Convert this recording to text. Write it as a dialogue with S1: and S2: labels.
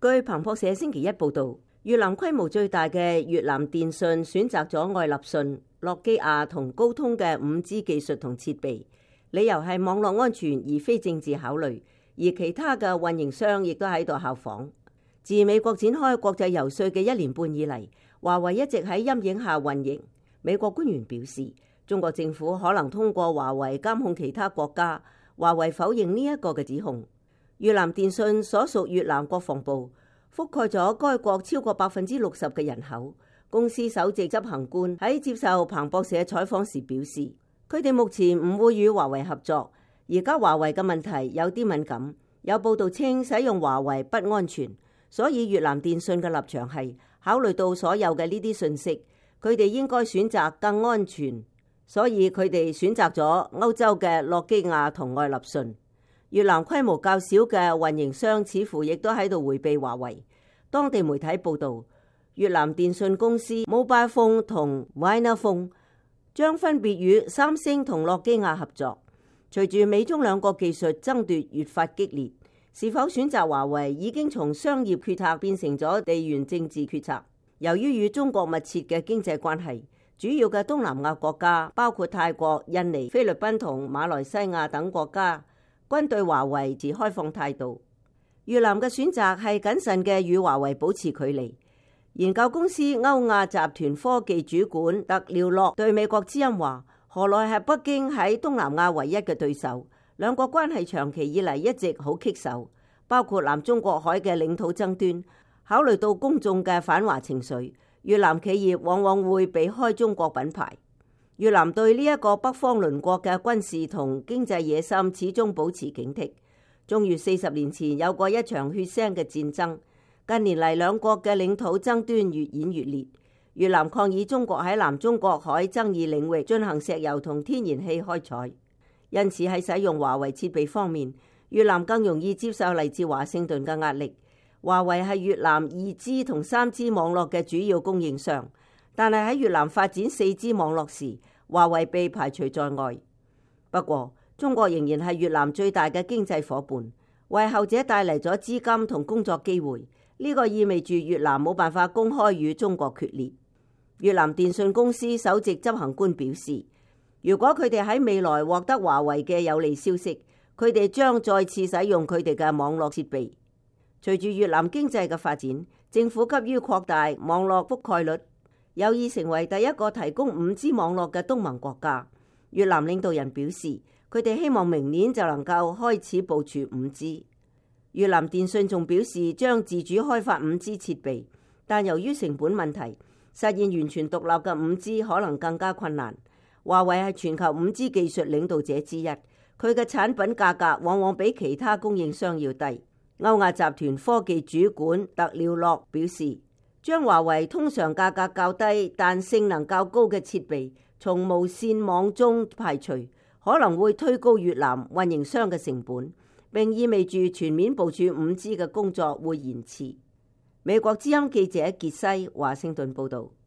S1: 據彭博社星期一報道，越南規模最大嘅越南電信選擇咗愛立信、諾基亞同高通嘅五 G 技術同設備，理由係網絡安全而非政治考慮。而其他嘅運營商亦都喺度效仿。自美國展開國際遊說嘅一年半以嚟，華為一直喺陰影下運營。美國官員表示，中國政府可能通過華為監控其他國家。華為否認呢一個嘅指控。越南電信所屬越南國防部，覆蓋咗該國超過百分之六十嘅人口。公司首席執行官喺接受彭博社採訪時表示，佢哋目前唔會與華為合作。而家華為嘅問題有啲敏感，有報道稱使用華為不安全，所以越南電信嘅立場係考慮到所有嘅呢啲信息，佢哋應該選擇更安全，所以佢哋選擇咗歐洲嘅諾基亞同愛立信。越南規模較小嘅運營商似乎亦都喺度回避華為。當地媒體報道，越南電信公司 Mobilephone 同 Vinaphone 將分別與三星同諾基亞合作。隨住美中兩國技術爭奪越發激烈，是否選擇華為已經從商業決策變成咗地緣政治決策。由於與中國密切嘅經濟關係，主要嘅東南亞國家包括泰國、印尼、菲律賓同馬來西亞等國家，均對華為持開放態度，越南嘅選擇係謹慎嘅，與華為保持距離。研究公司歐亞集團科技主管特廖洛對美國之音話：河內係北京喺東南亞唯一嘅對手，兩國關係長期以嚟一直好棘手，包括南中國海嘅領土爭端。考慮到公眾嘅反華情緒，越南企業往往會避開中國品牌。越南對呢一個北方鄰國嘅軍事同經濟野心，始終保持警惕。中越四十年前有過一場血腥嘅戰爭，近年嚟兩國嘅領土爭端越演越烈。越南抗議中國喺南中國海爭議領域進行石油同天然氣開採，因此喺使用華為設備方面，越南更容易接受嚟自華盛頓嘅壓力。華為係越南二 G 同三 G 網絡嘅主要供應商。但係喺越南發展四 G 網絡時，華為被排除在外。不過，中國仍然係越南最大嘅經濟伙伴，為後者帶嚟咗資金同工作機會。呢、這個意味住越南冇辦法公開與中國決裂。越南電信公司首席執行官表示，如果佢哋喺未來獲得華為嘅有利消息，佢哋將再次使用佢哋嘅網絡設備。隨住越南經濟嘅發展，政府急於擴大網絡覆蓋率。有意成為第一個提供五 G 網絡嘅東盟國家，越南領導人表示，佢哋希望明年就能夠開始部署五 G。越南電信仲表示將自主開發五 G 設備，但由於成本問題，實現完全獨立嘅五 G 可能更加困難。華為係全球五 G 技術領導者之一，佢嘅產品價格往往比其他供應商要低。歐亞集團科技主管特廖洛表示，將華為通常價格較低但性能較高嘅設備從無線網中排除，可能會推高越南運營商嘅成本，並意味住全面部署五 G 嘅工作會延遲。美國之音記者傑西，華盛頓報導。